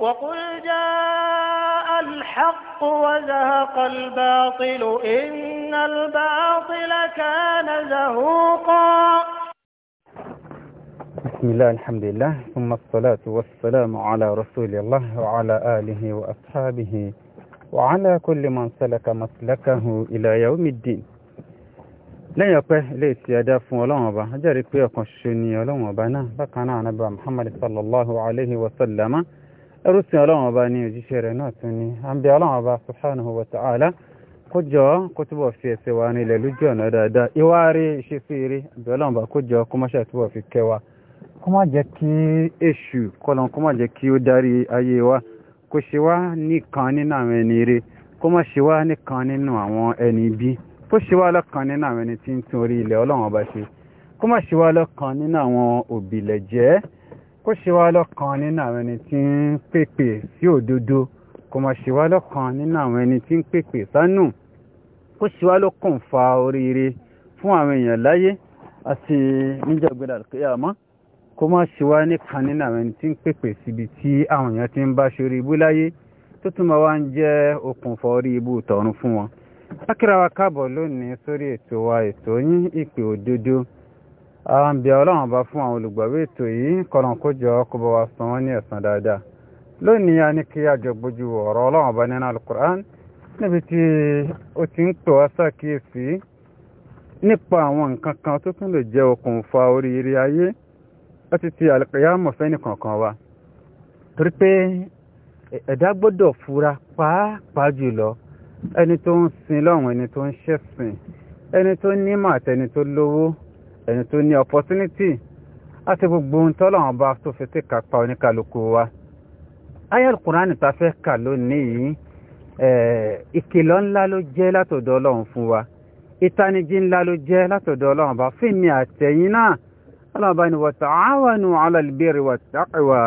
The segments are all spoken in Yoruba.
وقل جاء الحق وزهق الباطل إن الباطل كان زهوقا بسم الله الحمد لله ثم الصلاة والسلام على رسول الله وعلى آله وأصحابه وعلى كل من سلك مسلكه إلى يوم الدين lẹ́yìn ọpẹ́ ليس يدافع الله fún ọlọ́run ọba ajẹ́rìí الله ọ̀kan ṣoṣo ni محمد صلى الله عليه وسلم ẹrúsìn ọlọ́run ọba ní òjíṣẹ́ rẹ̀ náà tún ní à ń bẹ ọlọ́run ọba subhanahu wa ta'ala kó jọ kó túbọ̀ fi ẹsẹ̀ wa nílẹ̀ lójú ọ̀nà dáadáa ìwà rí ìṣesí rí àbẹ̀ ọlọ́run ọba kó jọ kó má ṣe àtúbọ̀ fi kẹ́ wa kó má jẹ́ kí èṣù kọlọ́n kó má jẹ́ kí ó darí ayé wa kó ṣe wá nìkan nínú àwọn ẹni ire kó má ṣe wá nìkan nínú àwọn ẹni bí kó ṣe wá lọ́kan nínú àwọn ẹni tí ń tún orí ilẹ̀ ọlọ́run ṣe kó má ṣe wá lọ́kan nínú àwọn òbílẹ̀ jẹ́ kó ṣe wá lọ́kan nínú àwọn ẹni tí ń pèpè sí òdodo kó má ṣe wá lọ́kan nínú àwọn ẹni tí ń pèpè sánú kó ṣe wá lọ́kàn fa oríire fún àwọn èèyàn láyé àti níjọ́ gbẹdà àmọ́ kó má ṣe wá nìkan nínú àwọn ẹni tí ń pèpè síbi tí àwọn èèyàn ti ń bá ṣe orí ibú láyé tó tún máa wá ń jẹ́ okùnfà orí ibú tọ̀run fún wọn. akíra wa káàbọ̀ lónìí sórí ètò wa ètò yín ìpè òdodo ara ń bí ọlọ́run ọba fún àwọn olùgbàwé ètò yìí kọ́nà kójọ kó bá wa san wọ́n ní ẹ̀san dáadáa lónìí a ní kí àjọ gbójú ọ̀rọ̀ ọlọ́run ọba nínú alukur'an níbi tí ó ti ń pè wá ṣàkíyèsí nípa àwọn nǹkan kan tó tún lè jẹ́ okùnfà oríire ayé láti ti àlùkìyámọ̀ fẹ́ni kankan wa torí pé ẹ̀dá gbọ́dọ̀ fura pàápàá jùlọ ẹni tó ń sin lọ́hùn ẹni tó ń ṣẹ̀sìn ẹni tó nímọ̀ àtẹni tó lówó ẹni tó ní opportunity àti gbogbo ohun tọ́lọ́wọ́n bá tó fi sí kápá oníkàlùkù wa ayé kùránì ta fẹ́ kà lónìí yìí ìkìlọ̀ ńlá ló jẹ́ látọ̀dọ̀ ọlọ́run fún wa ìtanijí ńlá ló jẹ́ látọ̀dọ̀ ọlọ́run bá fún mi àtẹ̀yìn náà ọlọ́run bá ní wa ta'awanu 'ala al-birri wat-taqwa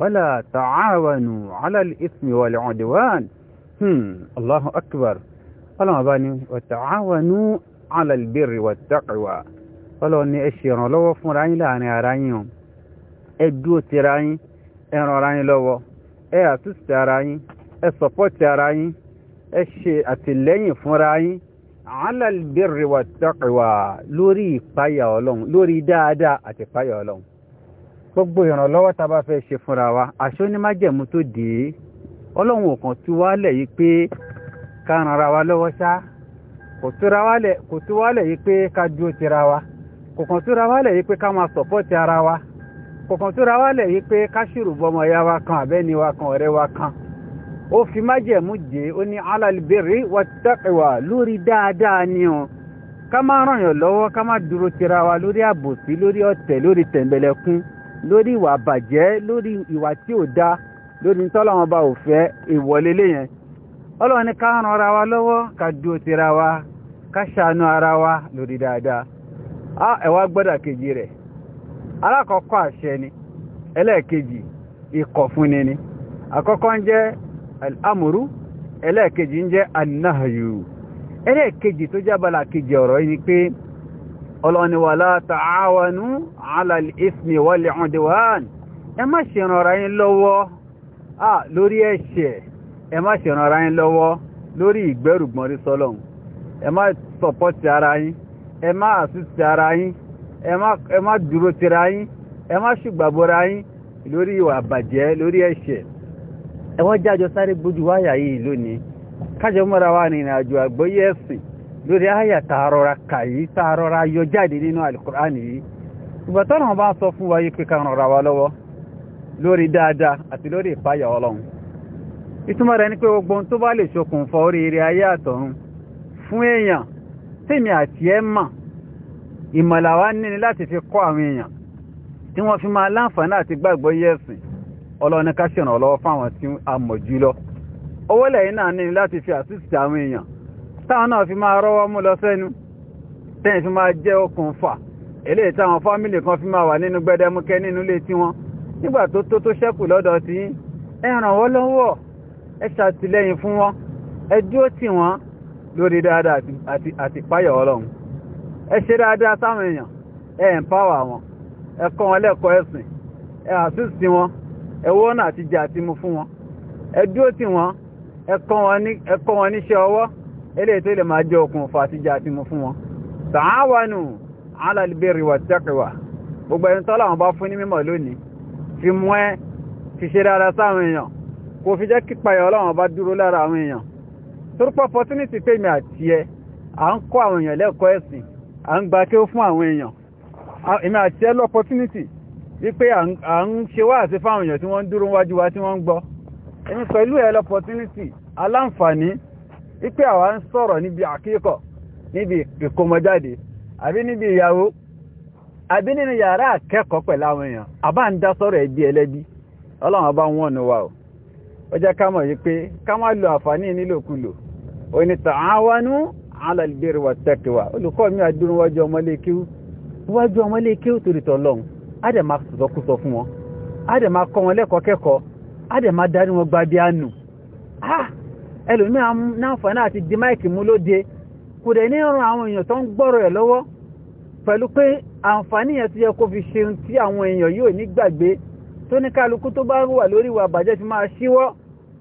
wala ta'awanu 'ala al-ithmi wal-'udwan hmm, Allahu akbar ọlọ́run bá ní wa ta'awanu 'ala al-birri wat-taqwa ọlọ́run ni ẹ ṣe ìrànlọ́wọ́ fúnra yín láàrin ara yín o ẹ dúró tira yín ẹ ràn ara yín lọ́wọ́ ẹ àtúnṣe ara yín ẹ sọpọ́tì ara yín ẹ ṣe àtìlẹ́yìn fúnra yín alálìbẹ̀rẹ̀ wà tọ́kìwà lórí ìpáyà ọlọ́run lórí dáadáa àti ìpáyà ọlọ́run gbogbo ìrànlọ́wọ́ tá a bá fẹ́ ṣe fúnra wa àṣọ ní májẹ̀mú tó dé ọlọ́run òkan tú wálẹ̀ yìí pé ká ran ara wa lọ́wọ́ ṣá kò tú wálẹ̀ yìí pé ká dúró tira wa kọ̀kan túra wálẹ̀ yìí pé ká máa sọ̀pọ́tì ara wa kọ̀kan túra wálẹ̀ yìí pé ká ṣùrùbọ ọmọ ìyá wa kan àbẹ́ni wa kan ọ̀rẹ́ wa kan ó fi májẹ̀mú jẹ́ ó ní alàlìbẹ̀rẹ̀ wàtàkìwà lórí dáadáa ni o ká má ràn yàn lọ́wọ́ ká má dúró tira wa lórí àbòsí lórí ọ̀tẹ̀ lórí tẹ̀m̀bẹ̀lẹ̀kún lórí ìwà àbàjẹ́ lórí ìwà tí ò dáa lórí tọ́lọ́wọ́n bá ò fẹ́ ìwọlélé yẹn ọlọ́run ní ká ràn ara wa lọ́wọ́ ká dúró tira wa ká ṣàánú ara wa lórí dáadáa á ah, ẹ̀wà gbọ́dà kejì rẹ̀ alákọ̀ọ́kọ́ àṣẹ ni ẹlẹ́ẹ̀kejì ikọ̀ fúnni ni àkọ́kọ́ ń jẹ́ al'amuru ẹlẹ́ẹ̀kejì ń jẹ́ annahayu ẹlẹ́ẹ̀kejì tó jábala kejì ọ̀rọ̀ yìí pé ala ẹ má ṣe ah, ara ẹ má àsìsì ara yín ẹ má dúró tira yín ẹ má ṣùgbàbọra yín lórí ìwà àbàjẹ́ lórí ẹ̀ṣẹ̀ ẹ wọ́n jájọ sáré gbójú wáyà yìí lónìí kájọ wa ní ìrìnàjò àgbọ́yé ẹ̀sìn lórí àyà tààrọra kàyí tààrọra yọ jáde nínú alukur'ani yìí ìbọ̀tọ́nà bá sọ fún wa yí pé ká ràn wa lọ́wọ́ lórí dáadáa àti lórí ìpáyà ìtumọ̀ ni pé gbogbo ohun tó bá lè ṣokùnfà oríire ayé àtọ̀run fún tèmi àti ẹ mà ìmọ̀làwà níni láti fi kọ́ àwọn èèyàn tí wọ́n fi máa láǹfààní àti gbàgbọ́ yẹ́sìn ọlọ́ni ká ọlọ́wọ́ fáwọn tí a mọ̀ jù lọ owó lẹ́yìn náà níni láti fi àsìsì àwọn èèyàn táwọn náà fi máa rọ́wọ́ mú lọ sẹ́nu tẹ́yìn fi máa jẹ́ okùnfà eléyìí táwọn fámìlì kan fi máa wà nínú gbẹdẹmúkẹ́ tí wọn lórí dáadáa àti àti páyà ọlọ́run ẹ ṣe dáadáa sáwọn èèyàn ẹ ẹ̀mpáwà wọn ẹ kọ́ wọn lẹ́kọ̀ọ́ ẹ̀sìn ẹ àtúnṣí wọn ẹ wọ́nà àti jà àti mu fún wọn ẹ dúró tì wọn ẹ kọ́ wọn níṣẹ́ ọwọ́ eléyìí tó lè máa jẹ́ okùnfà àti jà àti mu fún wọn tààwánù ala albirri wattaqiwa gbogbo ẹni tọ́lá wọn bá fún ní mímọ̀ lónìí fi mú ẹ fi ṣe dáadáa sáwọn èèyàn kò fi jẹ́ kípa ẹ̀ ọlọ́run bá dúró lára àwọn èèyàn torípọ̀ opportunity pé mi àti ẹ à ń kọ́ àwọn èèyàn lẹ́kọ̀ọ́ ẹ̀sìn à ń gba kí ó fún àwọn èèyàn èmi àti ẹ lọ opportunity wípé à ń ṣe wá àti fáwọn èèyàn tí wọ́n ń dúró wájú wa tí wọ́n ń gbọ́ èmi pẹ̀lú ẹ lọ opportunity aláǹfààní wípé àwa ń sọ̀rọ̀ níbi àkíkọ̀ níbi ìkómọjáde àbí níbi ìyàwó àbí nínú yàrá akẹ́kọ̀ọ́ pẹ̀lú àwọn èèyàn àbá ń dá sọ̀rọ̀ ẹbí ẹlẹ́bí ọlọ́run ọba wọn ni wa o ó jẹ́ ká mọ̀ yí pé ká má lo àǹfààní nílòkulò ó ní tààwánú alàlìbẹ̀rẹ̀ wà tẹ́kẹwà olùkọ́ mi àdúrú wájú ọmọlékíw wájú ọmọlékíw torí tọ́lọ́n á dẹ̀ máa sọ̀sọ́kúsọ fún wọn á dẹ̀ máa kọ́ wọn lẹ́kọ̀ọ́ kẹ́kọ̀ọ́ á dẹ̀ máa darí wọn gba bí àánú ah! ẹlòmíràn náàfààní àti di máìkì mú lóde kò dẹ̀ ní ọrùn àwọn èèyàn tó àǹfààní yẹn ti yẹ kó fi ṣe tí àwọn èèyàn yóò ní gbàgbé tó ní kálukú tó bá wà lórí ìwà àbàjẹ́ fi máa ṣíwọ́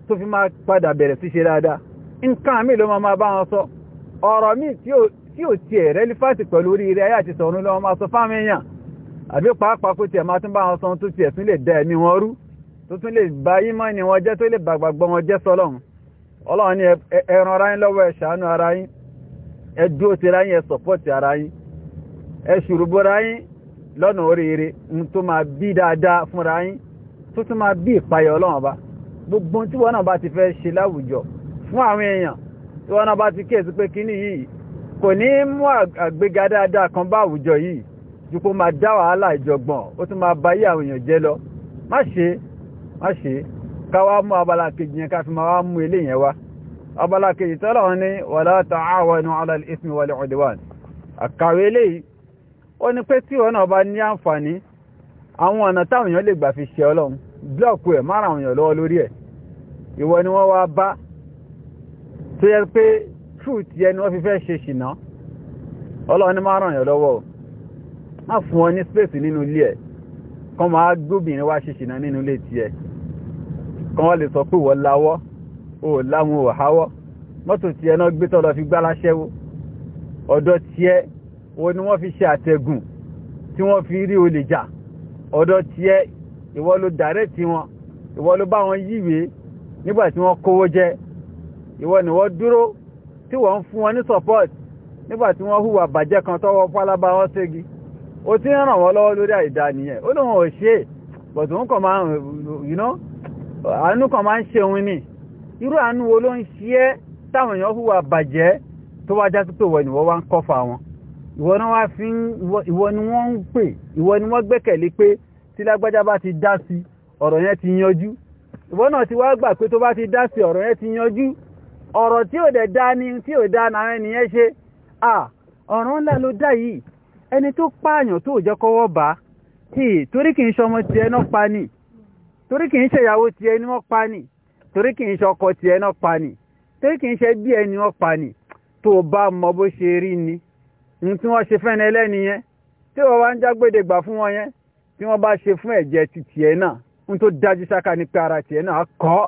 tó fi máa padà bẹ̀rẹ̀ sí dáadáa nǹkan mi ló máa bá wọn sọ ọ̀rọ̀ mi tí ò tiẹ̀ rẹ́lífàtì pẹ̀lú orí rẹ̀ ayé àti sọ̀run lọ́wọ́ máa sọ fáwọn èèyàn àbí pàápàá kó tiẹ̀ máa tún bá wọn sọ tó tiẹ̀ tún lè dá ẹ̀mí wọn rú tó tún lè bà yímọ̀ ni wọn jẹ́ tó lè bàgbàgbọ́ wọn jẹ́ sọlọ́run ọlọ́run ni ẹran ara yín lọ́wọ́ ẹ ṣàánú ara yín ẹ dúró ti ara gbogbo tí wọn náà bá ti fẹ́ ṣe láwùjọ fún àwọn èèyàn tí wọ́n náà bá ti kéèsí pé kíní yìí kò ní mú àgbéga dáadáa kan bá àwùjọ yìí ju kó máa dá wàhálà ìjọgbọ̀n ó tún máa ba yí àwọn èèyàn jẹ́ lọ má ṣe má ṣe ká wá mú abala kejì yẹn ká fi máa wá mú ilé yẹn wá abala kejì tọ́lọ̀ wọn ní wala ta'awanu 'ala al-ithmi wal-'udwan àkàwé eléyìí ó ní pé tí wọn náà bá ní àǹfààní àwọn ọ̀nà táwọn èèyàn lè gbà fi ṣe ọlọ́run blọ́ọ̀kù ẹ̀ márùn-ún èèyàn lọ́wọ́ lórí ẹ̀ ìwọ ni wọ́n wá bá tó yẹ pé truth yẹ ni wọ́n fi fẹ́ ṣe ṣìnà ọlọ́run ní máa ràn yàn lọ́wọ́ má fún ọ ní space nínú ilé ẹ̀ kọ́ máa gbóbìnrin wá ṣe ṣìnà nínú ilé tiẹ̀ kọ́ wọ́n lè sọ pé wọ́n láwọ́ ò láwọn ò háwọ́ mọ́tò tiẹ̀ náà gbé tọ́lọ fi gbá láṣẹ́wó ọ̀dọ̀ tiẹ̀ wo ni wọ́n fi ṣe àtẹ̀gùn tí wọ́n fi rí olè jà ọ̀dọ̀ tiẹ̀ ìwọ ló dàrẹ́ tí wọn ìwọ ló bá wọn yíwèé nígbà tí wọ́n kówó jẹ́ ìwọ ni wọ́n dúró tí wọ́n ń fún wọn ní support nígbà tí wọ́n hùwà bàjẹ́ kan tọ́wọ́ pálábá wọn ségi ó ti ń ràn wọ́n lọ́wọ́ lórí àìdá nìyẹn ó lóun ò ṣe but òun kàn you know àánú kan máa ń ṣe òun ni irú àánú wo ló ń ṣe é táwọn èèyàn hùwà bàjẹ́ tó wá já sí pé ìwọ ni wọ́n wá ń kọ́fà wọn ìwọ ni wọ́n fi ń ìwọ ni wọ́n ń pè ìwọ ni wọ́n gbẹ́kẹ̀lé pé tí lágbájá bá ti dá sí ọ̀rọ̀ yẹn ti yanjú ìwọ náà ti wá gbà pé tó bá ti dá sí ọ̀rọ̀ yẹn ti yanjú ọ̀rọ̀ tí ò dẹ̀ dá ní tí ò dá náà ẹniyẹn ṣe à ọ̀ràn ńlá ló dá yìí ẹni tó pààyàn tó jẹ́ kọ́wọ́ bá tí torí kìí ṣọmọ ti ẹnà pa nì torí kìí ṣe ìyàwó ti ẹni wọ́n pa nì torí kìí ṣe ọkọ ti ẹnà pa nì torí kìí ṣe bí ẹni wọ́n pa nì tó bá mọ bó ṣe rí ni ní tí wọ́n ṣe fẹ́ni ẹlẹ́ni yẹn tí wọ́n wá ń jágbédè gbà fún wọn yẹn tí wọ́n bá ṣe fún ẹ̀jẹ̀ ti tiẹ̀ náà ń tó dájú ṣáká ní ara tiẹ̀ náà kọ́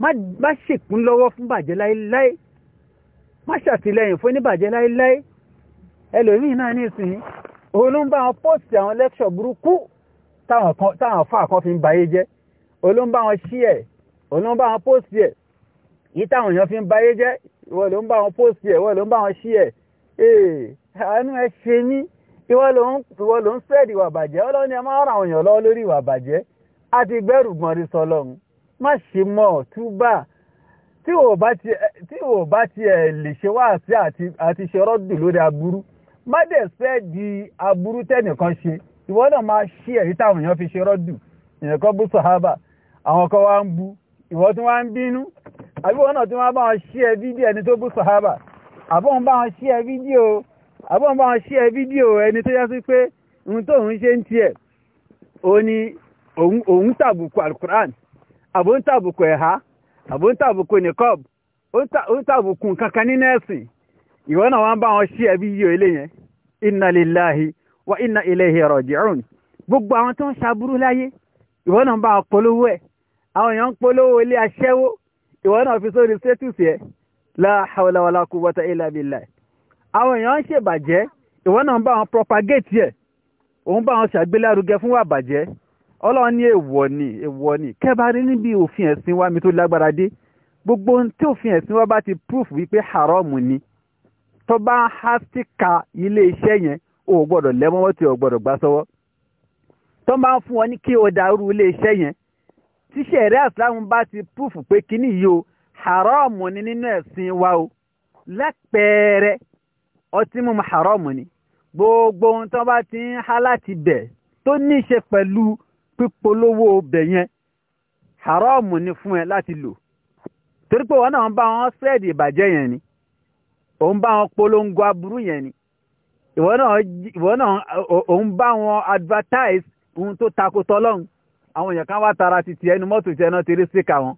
má ṣèkún lọ́wọ́ fún bàjẹ́ láíláí má ṣàtìlẹ́yìn fún níbàjẹ́ láíláí ẹlòmíì náà nísìnyí òun ló ń bá wọn pọ́ọ̀sì àwọn lẹ́kṣọ̀ burúkú táwọn fáà kan fi ń bayé jẹ́ òun ló ń bá wọn ṣí ẹ̀ òun ló ń bá wọn pọ́ọ̀sì ẹ̀ yìí táwọn èèyàn fi ń bayé jẹ́ ìwọ ló ń bá wọn pọ́ọ̀sì ẹ̀ ìwọ ló ń bá wọn ṣí ẹ̀ ee àánú ẹ ṣe ní ìwọ ló ń sẹ́ẹ̀dì ìwà bàjẹ́ ọlọ́ni ẹ máa ń ra àwọn èèyàn lọ́wọ́ lórí ìwà bàjẹ́ àti gbẹ́rù gbọ̀nrí sọlọ́run má ṣe mọ́ túbà tí ò bá ti ẹ̀ lè ṣe wá àti àti ṣe lórí aburú má dẹ̀ fẹ́ di aburú tẹ́nìkan ṣe ìwọ náà máa ṣí ẹ̀rí táwọn èèyàn fi ṣe rọ́dù èèyàn kan bú sọ̀hábà àwọn kan wá ń bú ìwọ tí wọ́n ń bínú àbí wọn náà tí wọ́n bá wọn ṣí ẹ fídíò ẹni àbò ń tàbùkù ẹ̀há àbò ń tàbùkù nìkọ́b ó ń tàbùkù kankan nínú ẹ̀sìn ìwọ náà wọ́n bá wọn ṣí ẹbí yíyọ ilé yẹn inna lillahi wa inna ilayhi raji'un gbogbo àwọn tó ń ṣaburú láyé ìwọ náà bá polówó ẹ̀ àwọn èèyàn ń polówó ilé aṣẹ́wó ìwọ náà fi sórí sétùsì ẹ̀ la hawla wala quwwata illa billah àwọn èèyàn ń ṣèbàjẹ́ ìwọ náà bá wọn propagate ẹ̀ òun bá wọn ṣàgbélárugẹ fún wàbàjẹ́ ọlọ́run ní èèwọ̀ ni èèwọ̀ ni kẹ́bàárí níbi òfin ẹ̀sìn wa mi tó lágbára dé gbogbo tí òfin ẹ̀sìn wa bá ti proof wípé haram ni tó bá há síka ilé iṣẹ́ yẹn o gbọ́dọ̀ lẹ́mọ́ wọ́n ti o gbọ́dọ̀ gbá sọ́wọ́ tó bá ń fún ọ ní kí o dàrú ilé iṣẹ́ yẹn tí sẹ̀rí àsìláàmù bá ti proof pé kíní yìí o haram ni nínú ẹ̀sìn wa o lápẹẹrẹ ọtí mímu haram ni gbogbo ohun tó bá ti ń há láti bẹ̀ tó ní í ṣe pẹ̀lú pípolówó bẹ̀ yẹn haramu ni fún ẹ láti lò torí pé wọn náà ń bá wọn sẹ́ẹ̀dì ìbàjẹ́ yẹn ni ò ń bá wọn polongo aburú yẹn ni ìwọ náà ìwọ náà ò ń bá wọn advertise ohun tó tako tọlọ́run àwọn èèyàn kan wá tara titi ẹnu mọ́tò tí ẹnu ti rí síkà wọn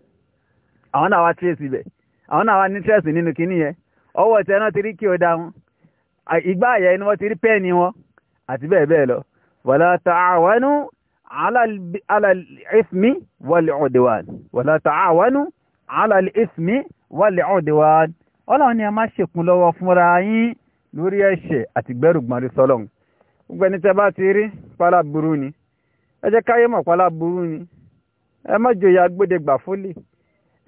àwọn náà wá tírèsì bẹ̀ àwọn náà wá ní nínú kínní yẹn ọwọ́ tí ẹnu ti rí kí o da wọn ìgbà àyẹ̀ ẹnu wọn ti rí pẹ́ẹ̀ni wọn àti bẹ́ẹ̀ bẹ́ẹ̀ lọ wala ta'awanu على على الإثم والعدوان ولا تعاونوا على الإثم والعدوان ọlọ́run ni a máa ṣèkún lọ́wọ́ fúnra yín lórí ẹ̀ṣẹ̀ àti gbẹ́rùgbọ́n rí sọ́lọ́run gbogbo ẹni tẹ́ bá ti rí pálá burú ni ẹ jẹ́ káyé mọ̀ pálá burú ni ẹ má jòyà gbódegbà fólì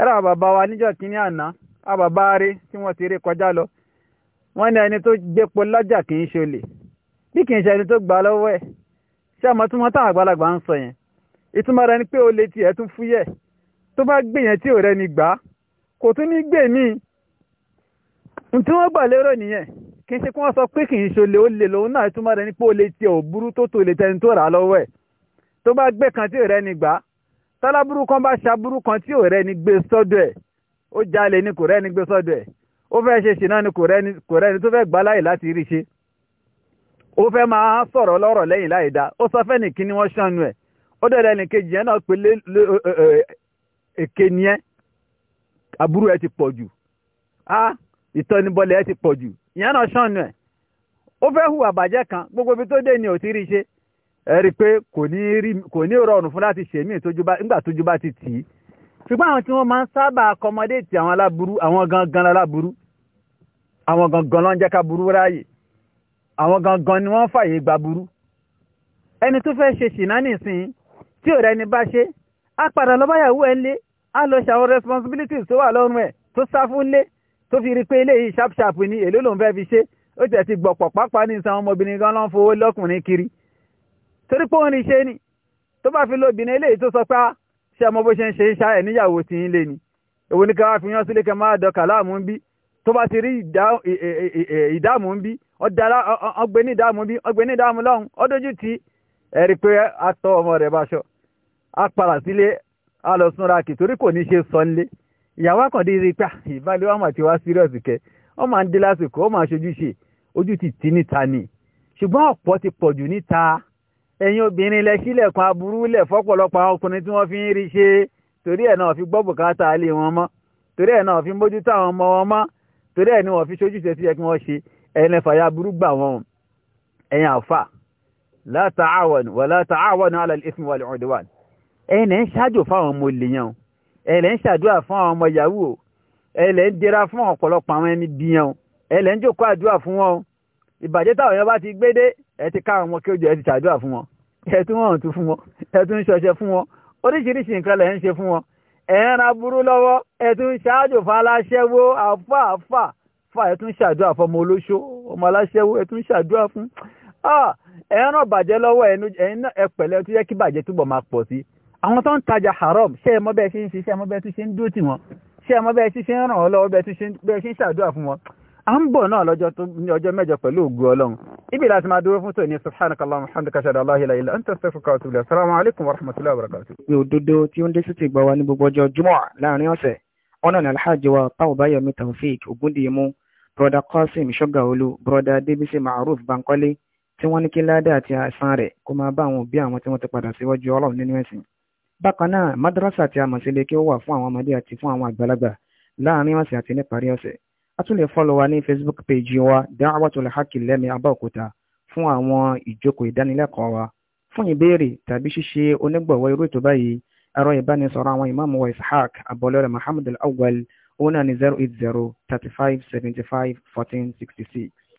ẹ ra bàbá wa níjọ́ kínní àná a bàbá rí tí wọ́n ti rí kọjá lọ wọ́n ní ẹni tó jẹ́po lájà kì í ṣolè bí kì í ṣe ẹni tó gbà lọ́wọ́ ẹ̀ ṣé àmọ́ tí wọ́n tán àgbàlagbà ń sọ yẹn ìtumọ̀ rẹ̀ ni pé o lè tiẹ̀ tún fúyẹ́ tó bá gbé yẹn tí ò rẹ́ ni gbà á kò tún ní gbè mí tí wọ́n gbà lérò nìyẹn kì í ṣe kí wọ́n sọ pé kì í ṣe olè ó lè lòun náà ìtumọ̀ rẹ̀ ni pé o lè tiẹ̀ ò burú tó tó lè tẹni tó rà lọ́wọ́ ẹ̀ tó bá gbé kan tí ò rẹ́ ni gbà á tálábùrú kan bá ṣaburú kan tí ò rẹ́ ni gbé sọ́dọ̀ ẹ̀ ó jalè ni kò rẹ́ ni gbé sọ́dọ̀ ẹ̀ ó fẹ́ ṣe ṣìnà ni kò rẹ́ ni tó fẹ́ gbà láyè láti rí ṣe ó fẹ́ máa sọ̀rọ̀ lọ́rọ̀ lẹ́yìn láì dá ó sọ fẹ́ nìkí ni wọ́n ṣànú ẹ̀ ó dẹ̀rẹ̀ ẹnìkejì ẹ̀ náà pé èké ni ẹ́ àbúrò ẹ ti pọ̀ jù á ẹ ti pọ̀ jù náà ẹ̀ ó kan gbogbo ibi tó dé ni ò ti rí ṣe ẹ rí i pé kò ní rọrùn fún láti nígbà tójú bá ti tì í ṣùgbọ́n àwọn tí wọ́n máa ń sábà àwọn gangan ni wọ́n fàyè gba burú ẹni tó fẹ́ ṣe ṣìnà nìsín tí ò rẹni bá ṣe á padà lọ ẹ lé á lọ ṣàwọn responsibilities tó wà lọ́rùn ẹ̀ tó sá fún lé tó fi rí pé eléyìí sharp-sharp ni èló lòún fẹ́ fi ṣe ó tẹ̀ ti gbọ̀pọ̀ pápá ní sàn ọmọbìnrin gan ló ń fowó lọ́kùnrin kiri torí pé òun ní ṣe ni tó bá fi lóbìnrin eléyìí tó sọ pé ah, ṣé ọmọ bó ṣe ń ṣe iṣá ẹ̀ níyàwó tí ń lé ni èwo ni ká wá fi yán sílé kẹ máa dọkà láàmú ń bí tó bá ti rí ìdáàmú ń bí ọ̀dàlá ọgbẹ́ ní ìdààmú bí ọgbẹ́ ní ìdààmú ọdójú ti ẹ̀rí pé atọ́ ọmọ rẹ̀ báṣọ apàrà sílé alọ́sùnra kì torí kò ní ṣe sọ nílé ìyàwó àkàndé rí pé ah, ìbálẹ̀ wàmà ti wá sírọ̀sì kẹ ọ máa ń dé lásìkò ọ máa ṣojú ṣe ojú ti tì níta ni ṣùgbọ́n ọ̀pọ̀ ti pọ̀ jù níta ẹ̀yin obìnrin lẹ sílẹ̀kùn aburú lẹ̀ fọ́pọ̀lọpọ̀ àwọn ọkùnrin tí wọ́n fi ń rí ṣe torí ẹ̀ náà fi gbọ́ bùkátà ilé wọn mọ́ torí ẹ̀ náà fi mójútó àwọn ọmọ wọn mọ́ torí ẹ̀ ni wọ́n fi ṣojúṣe sí ẹ kí wọ́n ṣe ẹ̀yìn lẹ́fà ya burú gbà wọn ẹ̀yìn àfà la ta'awanu wa la ta'awanu ala al-ithmi wal-'udwan ẹ̀yìn lẹ́ ń ṣáájò fáwọn ọmọ olè yẹn ẹ̀yìn lẹ́ ń ṣàdúrà fún àwọn ọmọ yahoo ẹ̀yìn lẹ́ ń dira fún ọ̀pọ̀lọpọ̀ àwọn ẹni bí yẹn ẹ̀yìn lẹ́ ń jókòó àdúrà fún wọn ìbàjẹ́ táwọn yẹn bá ti gbé dé ẹ ti ká àwọn kéwòjọ fà ẹ tún ṣàdúrà fọmọ olóṣó ọmọ aláṣẹwó ẹ tún ṣàdúrà fún ẹ ràn ah, bàjẹ́ lọ́wọ́ ẹ̀yin náà ẹ pẹ̀lẹ́ tó yẹ kí bàjẹ́ túbọ̀ máa pọ̀ sí àwọn tó ń tajà haram ṣé ẹ mọ̀ bẹ́ẹ̀ ṣe ń ṣe ṣé ẹ mọ̀ bẹ́ẹ̀ tún ṣe ń dúró tì wọ́n ṣé ẹ mọ̀ bẹ́ẹ̀ ṣe ń ràn wọ́n lọ́wọ́ bẹ́ẹ̀ ṣe ń ṣàdúrà fún wọn a ń bọ̀ náà lọ́jọ́ mẹ́jọ pẹ̀lú ògùn ọlọ́run ibi láti máa dúró fún tòní subhanakallah wa atubu ilayk mi Taofeek Ògúndìyẹmú broda Qasim Ṣọ́gàolú broda Débísí Maruf Bankole tí wọ́n ní kí ládà àti àìsàn rẹ̀ kó máa bá àwọn òbí àwọn tí wọ́n ti padà síwájú ọlọ́run nínú ẹ̀sìn. bákan náà madrasa àti amọ̀sílẹ̀ kí ó wà fún àwọn ọmọdé àti fún àwọn àgbàlagbà láàrin ọ̀sẹ̀ àti níparí ọ̀sẹ̀. a tún lè fọ́lọ̀ wa ní Facebook page wa Da'watul Haqq lẹ́mí Abẹ́òkúta fún àwọn ìjókòó ìdánilẹ́kọ̀ọ́ wa fún ìbéèrè tàbí ṣíṣe onígbọ̀wọ́ irú ètò báyìí ẹ̀rọ ìbánisọ̀rọ̀ àwọn ìmáàmù wa Ishaq abọ́lẹ́rẹ̀ Muhammad al-Awwal 0244 òun náà ni zero eight zero thirty five seventy five fourteen sixty six.